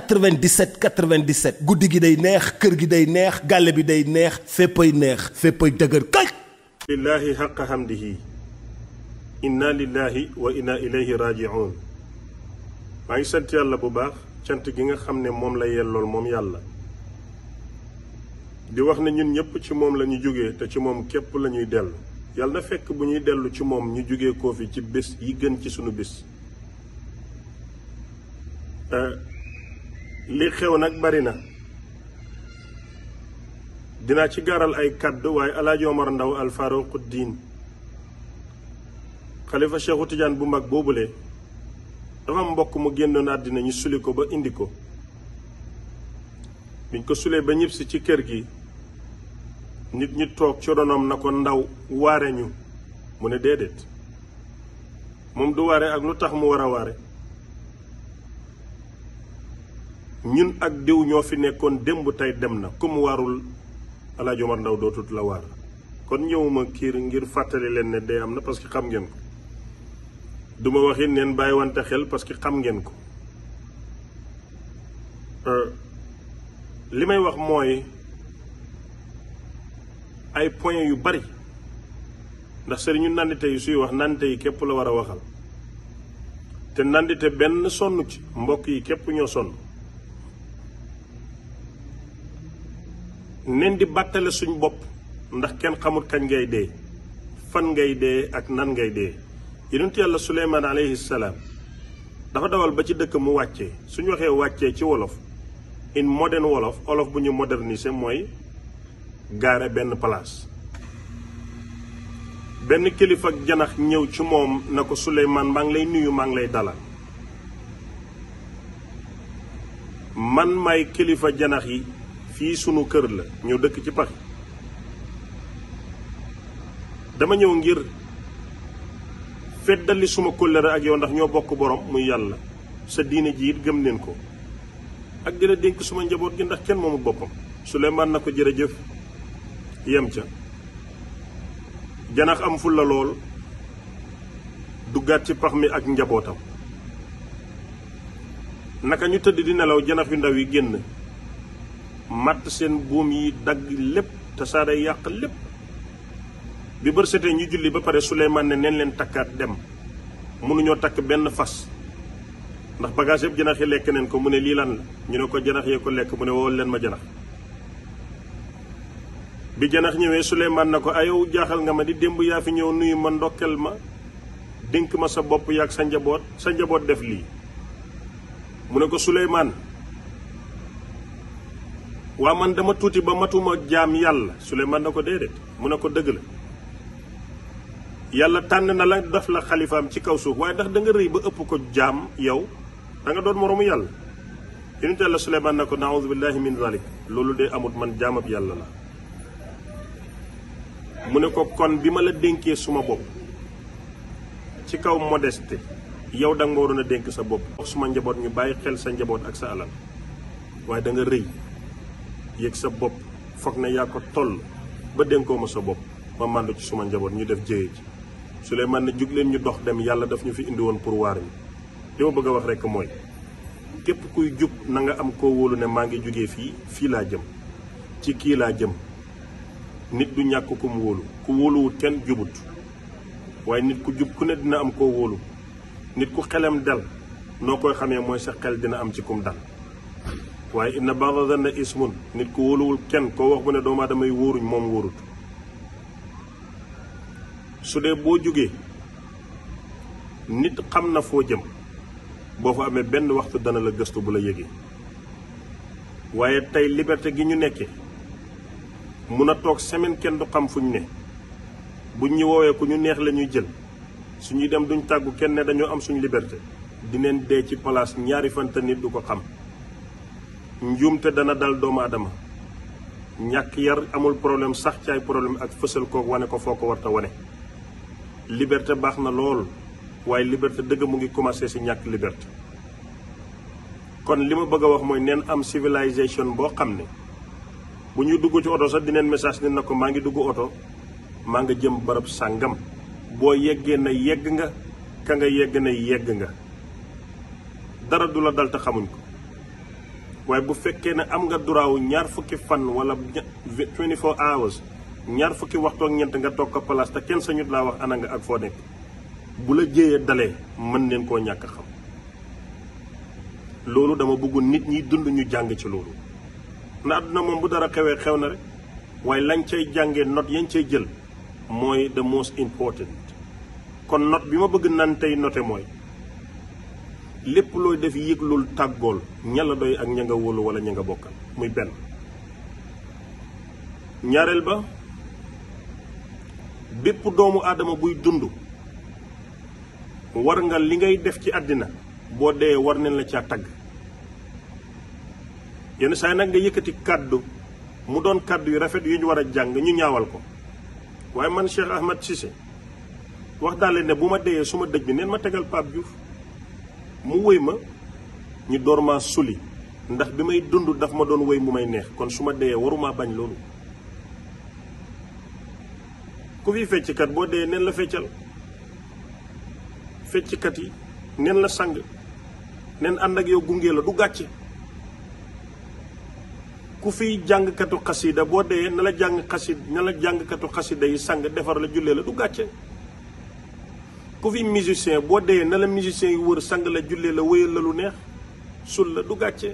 97 97 guddi gi day neex kër gi day neex gàlle bi day neex féppay neex féppay dëgër kay lillaahi xaq xamdihi inna lillahi wa inna ilayhi raaji'un maa ngi sant yàlla bu baax cant gi nga xam ne moom la lool moom yàlla di wax ne ñun ñëpp ci moom la ñu jógee te ci moom képp la ñuy dellu yàlla fekk bu ñuy dellu ci moom ñu jógee koo fi ci bés yi gën ci sunu bés euh, li xew nag bari na dinaa ci garal ay kàddu waaye alaaji Omar Ndaw alfaruquddin xalifa Cheikhu Tidiane bu mag boobule dafa mbokk mu génnoon àddina ñu suli ko ba indi ko biñ ko sulee ba ñibbisi ci kër gi nit ñi toog ci ronoom na ko ndaw waare ñu mu ne déedéet moom du waare ak lu tax mu war a waare ñun ak diw ñoo fi nekkoon démb tey dem na comme waarul Alaaji Ndaw dootut la waar kon ñëwuma kiir ngir fàttali leen ne day am na parce xam ngeen ko duma wax it neen bàyyi wante xel parce que xam ngeen ko euh, li may wax mooy ay point yu bari ndax sëriñu nandite yi suy wax nandite yi képp la war a waxal te nandite benn sonn ci mbokk yi képp ñoo sonn nen di bàttale suñ bopp ndax kenn xamul kañ ngay dee fan ngay dee ak nan ngay dee yonentu yàlla suleymaan alayhi dafa dawal ba ci dëkk mu wàccee suñ waxee wàccee ci wolof in modern wolof wolof bu ñu moderniser mooy gaare benn place benn kilifa janax ñëw ci moom na ko suleymaan maa ngi lay nuyu maa lay dalal man kilifa janax yi fii sunu kër la ñu dëkk ci Paris dama ñëw ngir feddali suma kóllëre ak yow ndax ñoo bokk borom mu yàlla sa diine ji gëm neen ko ak dina dénk suma njaboot gi ndax kenn moomu boppam Souleymane na ko jërëjëf yem ca janax am fulla lool duggaat ci pax mi ak njabootam naka ñu tëdd di nelaw janax yu ndaw yi génn matt seen buum yi dagg lépp te saa day yàq lépp bi bër setee ñu julli ba pare Suleymaan ne nen leen takkaat dem mënuñoo takk benn fas ndax bagage yëpp janax yi lekk neen ko mu ne lii lan la ñu ne ko janax yee ko lekk mu ne wool leen ma janax bi janax ñëwee Suleymaan na ko ayow jaaxal nga ma di démb yaa fi ñëw nuyu ma ndokkel ma dénk ma sa bopp yaag sa njaboot sa njaboot def lii mu ne ko Suleymaan waa man dama tuuti ba matuma jaam yàlla Suleymaan na ko déedéet mu ne ko dëgg la yàlla tànn na la def la xalifaam ci kaw suuf waaye ndax danga rëy ba ëpp ko jaam yow danga doon moroomu yàlla yonent yàlla Suleymaan na ko naawuzu billaahi min zalik loolu de amut man ab yàlla la mu ne ko kon bi ma la dénkee suma bopp ci kaw modeste yow da nga ma waroon a dénk sa bopp suma njaboot ñu bàyyi xel sa njaboot ak sa alal waaye danga nga rëy yëg sa bopp foog na yaa ko toll ba dénkoo ma sa bopp ma màndu ci suma njaboot ñu def jéye ji Souleymane na jug leen ñu dox dem yàlla daf ñu fi indi woon pour waar ñi li ma bëgg wax rekk mooy képp kuy jub na nga am koo wóolu ne maa ngi jugee fii fii laa jëm ci kii laa jëm nit du ñàkk ku mu wóolu ku wóoluwut kenn jubut waaye nit ku jub ku ne dina am koo wóolu nit ku xelam dal noo koy xamee mooy sa xel dina am ci kum dal waaye inna ba'da zanni ismun nit ku wóoluwul kenn koo wax mu ne doomu aadama wóoruñ moom wóorut su dee boo jógee nit xam na foo jëm boo fa amee benn waxtu dana la gëstu bu la yëgee waaye tey liberté gi ñu nekkee mun a toog semaine kenn du xam fu ñu ne bu ñuy woowee ku ñu neex lañuy ñuy jël suñuy dem duñ tàggu kenn ne dañoo am suñu liberté dineen dee ci place ñaari fanta nit du ko xam njuum te dana dal doomu aadama ñàkk yar amul problème sax caay problème ak fësal koog wane ko foo ko war wane liberté baax na lool waaye liberté dëgg mu ngi commencé ci ñàkk liberté kon li ma bëgg a wax mooy neen am civilisation boo xam ne bu ñu dugg ci oto sax dineen message ni na ko maa ngi dugg oto maa ngi jëm barab sàngam boo yeggee na yegg nga ka nga yegg na yegg nga dara du la dal te xamuñ ko waaye bu fekkee ne am nga duraaw ñaar fukki fan wala 24 hours ñaar fukki waxtu ak ñeent nga toog ko place te kenn sañut laa wax ana ak foo nekk bu la jéeyee dalee mën neen koo ñàkk xam loolu dama bëgg nit ñi dund ñu jàng ci loolu na àdduna moom bu dara xewee xew na rek waaye lañ cay jàngee not yañ cay jël mooy the most important kon not bi ma bëgg nan tey noté mooy lépp looy def yëglul tàggool ña la doy ak ña nga wóolu wala ña nga bokkal muy benn ñaareel ba bépp doomu aadama buy dund war nga li ngay def ci àddina boo dee war nañ la caa tagg yenn saa nag nga yëkkati kàddu mu doon kàddu yu rafet yu ñu war a jàng ñu ñaawal ko waaye man Cheikh Ahmad Cissé wax daal ne bu ma deyee su ma dëj bi neen ma tegal Pape Diouf mu woy ma ñu door ma suli ndax bi may dund daf ma doon woy mu may neex kon su ma deyee warumaa bañ loolu ku fi fecckat boo deyee neen la feccal fecckat yi neen la sang nen ànd ak yow gunge la du gàcce ku fiy jàngkatu xasida boo deyee na la jàng xasid na la jàngkatu xasida yi sang defar la jullee la du gàcce ku fi musicien boo dee na la musicien yi wër sang la jullee la wéyal la lu neex sul la du gàcce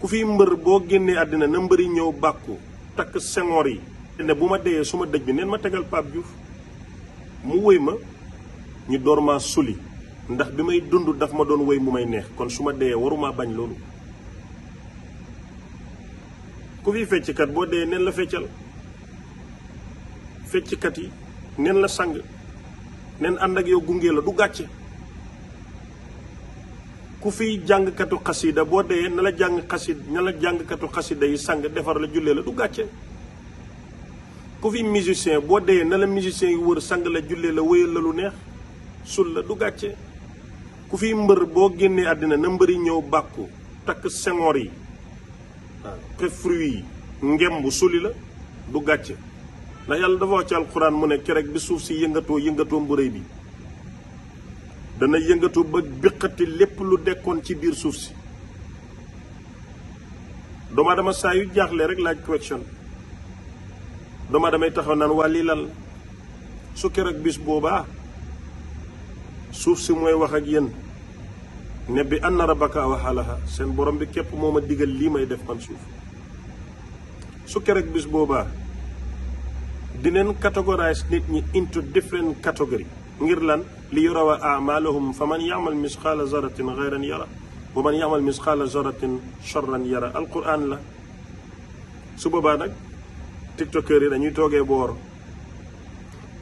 ku fi mbër boo génnee àddina na mbëri ñëw bàkku takk sengoor yi ne bu ma deyee su ma dëj bi neen ma tegal Pape Diouf mu wéy ma ñu door maa suli ndax bi may dund daf ma doon wéy mu may neex kon su ma deyee waruma bañ loolu ku fi fecckat boo deyee neen la feccal fecckat yi neen la sang neen ànd ak yow gunge la du gàcce ku fiy jàngkatu xasida boo dee na la jàng xasid na la jàngkatu xasida yi sang defar la jullee la du gàcce ku fi musicien boo dee na la musicien yi wër sang la julle la wéyal la lu neex sul la du gàcce ku fi mbër boo génnee àddina na mbëri ñëw bàkku takk sengoor yi waaw fruit yi ngemb suli la du gàcce ndax yàlla dafa wax ci alxuraan mu ne keroog bi suuf si yëngatoo yëngatoo bu bi dana yëngatu ba biqati lépp lu dekkoon ci biir suuf si doomu aadama saa yu jaaxle rek laaj question doomu aadamay taxaw naan waa lii lan su keroog bis boobaa suuf si mooy wax ak yéen ne bi anna rabbaka waxalaha seen borom bi képp moo ma digal lii may def man suuf su keroog bis boobaa dineen catégorise nit ñi into different category ngir lan li yurawa amalahum fa man yamal misqaala zaratin xayran yara wa man yamal misqaala zaratin charran yara alquran la su boobaa nag tiktokeur yi dañuy toogee boor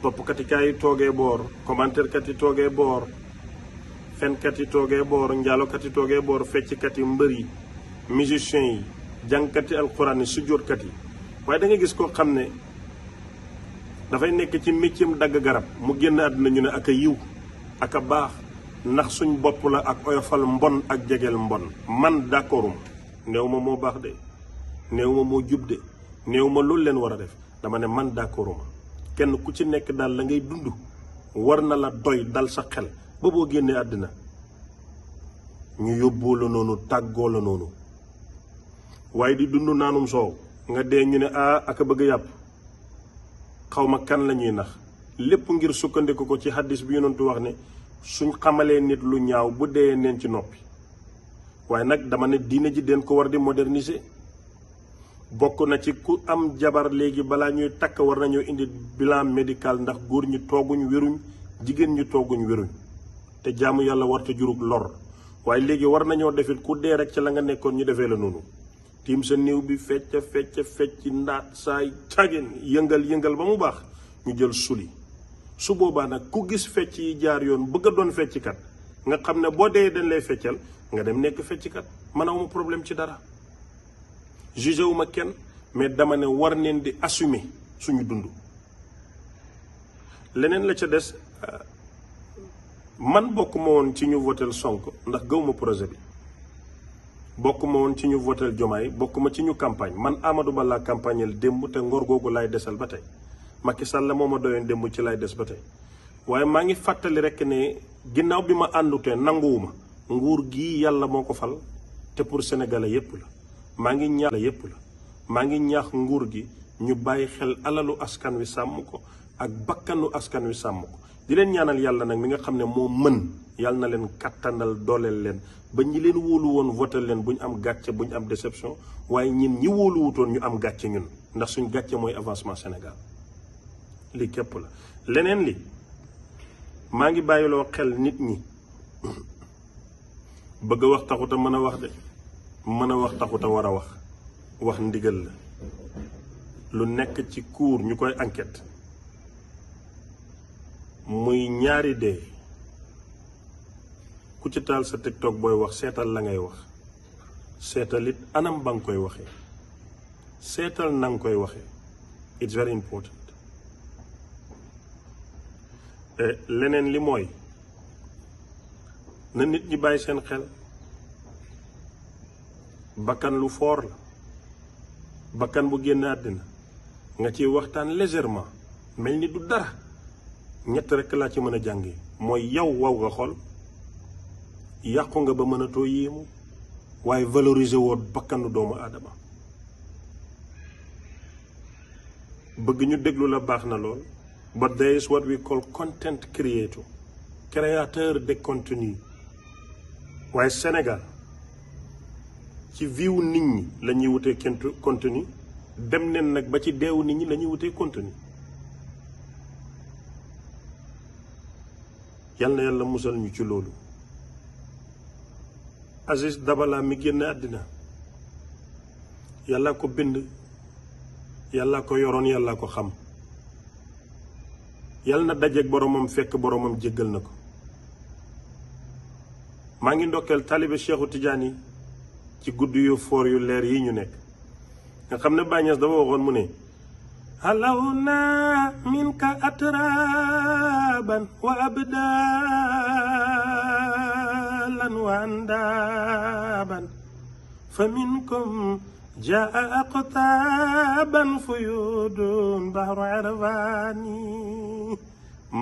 toppkat yi toogee boor commentaire yi toogee boor fenkat yi toogee boor njaalokat yi toogee boor fecckat yi mbër yi musiciens yi jàngkat yi alquran yi sujjóotkat yi waaye da gis koo xam ne dafay nekk ci métier dagg garab mu génn àddina ñu ne ak a yiw ak a baax ndax suñ bopp la ak oyofal mbon ak jegeel mbon man d'accordum néew ma moo baax de néew ma moo jub de néew ma loolu leen war a def dama ne man d'accorduma kenn ku ci nekk daal la ngay dund war na la doy dal sa xel ba boo génnee àddina ñu yóbboo la noonu tàggoo la noonu waaye di dund naanum soow nga dee ñu ne ah ak a bëgg yàpp xawma kan la ñuy nax lépp ngir sukkandiku ko ci xaddis bi yonentu wax ne suñ xamalee nit lu ñaaw bu dee neen ci noppi waaye nag dama ne diine ji den ko war di moderniser bokk na ci ku am jabar léegi balaa ñuy takk war nañoo indi bilan médical ndax góor ñi tooguñ wéruñ jigéen ñi tooguñ wéruñ te jaamu yàlla warta jurug lor waaye léegi war nañoo defit ku dee rek ci la nga nekkoon ñu defee la noonu tiim sa néew bi fecc fecca fecc ndaat saay cagin yëngal yëngal ba mu baax ñu jël suli su boobaa nag ku gis fecc yi jaar yoon bëgg a doon fecckat nga xam ne boo dee dañ lay feccal nga dem nekk fecckat man awma problème ci dara jugé wu ma kenn mais dama ne war neen di assumer suñu dund leneen la ca des euh, man bokk ma woon ci ñu votel sonk ndax gëwma projet bi bokk ma woon ci ñu votel Jomaay bokk ma ci ñu campagne man amaduma Ba laa campagneel démb te ngor googu laay desal ba tey Macky Sall la moom ma doyoon démb ci laay des ba tey waaye maa ngi fàttali rek ne ginnaaw bi ma àndutee nanguwuma nguur gi yàlla moo ko fal te pour sénégalais yépp la maa ngi ñaax la yépp la maa ngi ñaax nguur gi ñu bàyyi xel alalu askan wi sàmm ko ak bakkanu askan wi sàmm ko di leen ñaanal yàlla nag mi nga xam ne moo mën yàlla na leen kattanal dooleel leen ba ñi leen wóolu woon votel leen bu ñu am gàcce bu ñu am déception waaye ñin ñi wóoluwutoon ñu am gàccee ñun ndax suñ gàcce mooy avancement Sénégal li képp la leneen li maa ngi bàyyiloo xel nit ñi bëgg a wax taxuta mën a wax de mën a wax taxuta war a wax wax ndigal la lu nekk ci cour ñu koy enquête muy ñaari dee ku ci taal sa TikTok booy wax seetal la ngay wax seetal it anam ba nga koy waxee seetal na nga koy waxee it's very important eh, leneen li mooy na nit ñi bàyyi seen xel bakkan lu foor la bakkan bu génn àddina nga ciy waxtaan légèrement mel ni du dara ñett rekk laa ci mën a jànge mooy yow waw nga xol yàqu nga ba mën a too yéemu waaye valoriser woo bakkanu doomu aadama bëgg ñu déglu la baax na lool ba there is what we call content creator créateur de contenu waaye senegal ci viwu nit ñi la ñuy wutee contenu dem neen nag ba ci deewu nit ñi la ñuy wutee contenu yal na yàlla musal ñu ci loolu Aziz Dabala mi génn àddina yàlla ko bind yàlla ko yoroon yàlla ko xam yal na dajeeg boromam fekk boromam jéggal na ko maa ngi ndokkeel taalibe Seexu Tijaan yi ci gudd yu foor yu leer yi ñu nekk nga xam ne Baay Ñas dafa waxoon mu ne حلونا منك أترابا وأبدالا وأندابا فمنكم جاء أقطابا فيود بحر عرفاني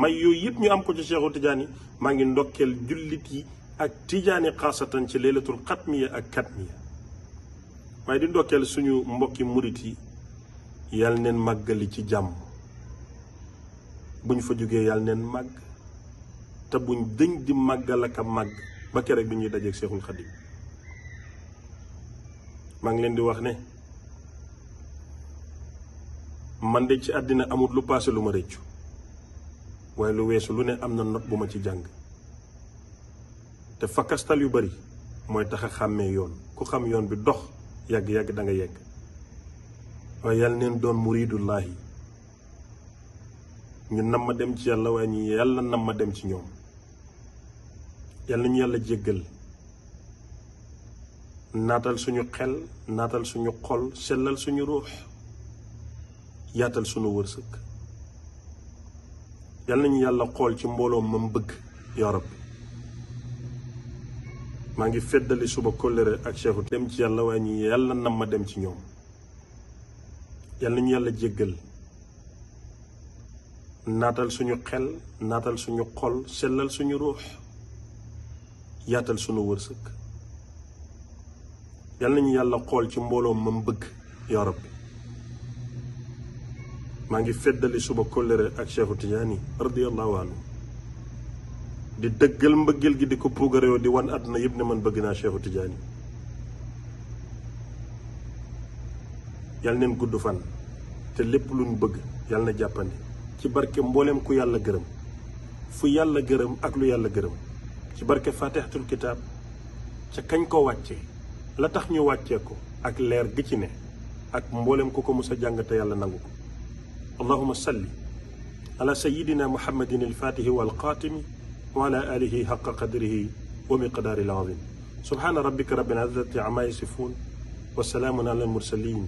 may yooyu yëpp ñu am ko ci Cheikhou Tidiane maa ngi ndokkeel jullit yi ak Tidiane xaasatan ci laylatul xatmiya ak katmiya waaye di ndokkeel suñu mbokki murit yi yal neen màggali ci jàmm buñ fa jógee yal neen màgg te buñ dëñ di màggal ak a màgg ba keroog bi ñuy dajeeg Seexul Xadim maa ngi leen di wax ne man de ci àddina amut lu paase lu ma rëccu waaye lu weesu lu ne am na not bu ma ci jàng te fakastal yu bari mooy tax a xàmmee yoon ku xam yoon bi dox yàgg-yàgg danga nga yegg waaye yàlla neen doon muridullahi ñu nam ma dem ci yàlla waaye ñu yàlla nam ma dem ci ñoom yàlla ñu yàlla jéggal naatal suñu xel naatal suñu xol sellal suñu ruux yaatal suñu wërsëg yàlla nañu yàlla xool ci mbooloo mam bëgg yaa rabbi maa ngi feddali suba kóllëre ak cheikhu dem ci yàlla waaye ñu yàlla nam ma dem ci ñoom yal nañu yàlla jéggal naatal suñu xel naatal suñu xol sellal suñu ruux yaatal suñu wërsëg yal nañu yàlla xool ci mbooloo ma bëgg yaa rabbi maa ngi feddali suma kóllëre ak Cheikhu Tijaani radiyallahu anhu di dëggal mbëggeel gi di ko puugarewoo di wan na yëpp ne man bëgg naa Cheikhu Tijaani yal neen gudd fan te lépp luñ bëgg yàlla na jàppandi ci barke mbooleem ku yàlla gërëm fu yàlla gërëm ak lu yàlla gërëm ci barke faatixatul kitaab ca kañ ko wàccee la tax ñu wàccee ko ak leer gi ci ne ak mboolem ku ko mos a jàng te yàlla nangu ko allahuma salli ala sayidina muhammadin alfaatihi walxaatimi wa ala alihi xaqa qadrihi wa miqdaari alazim subhaana rabbika rabbil izzati amma yasifun wa salaamun ala almursalin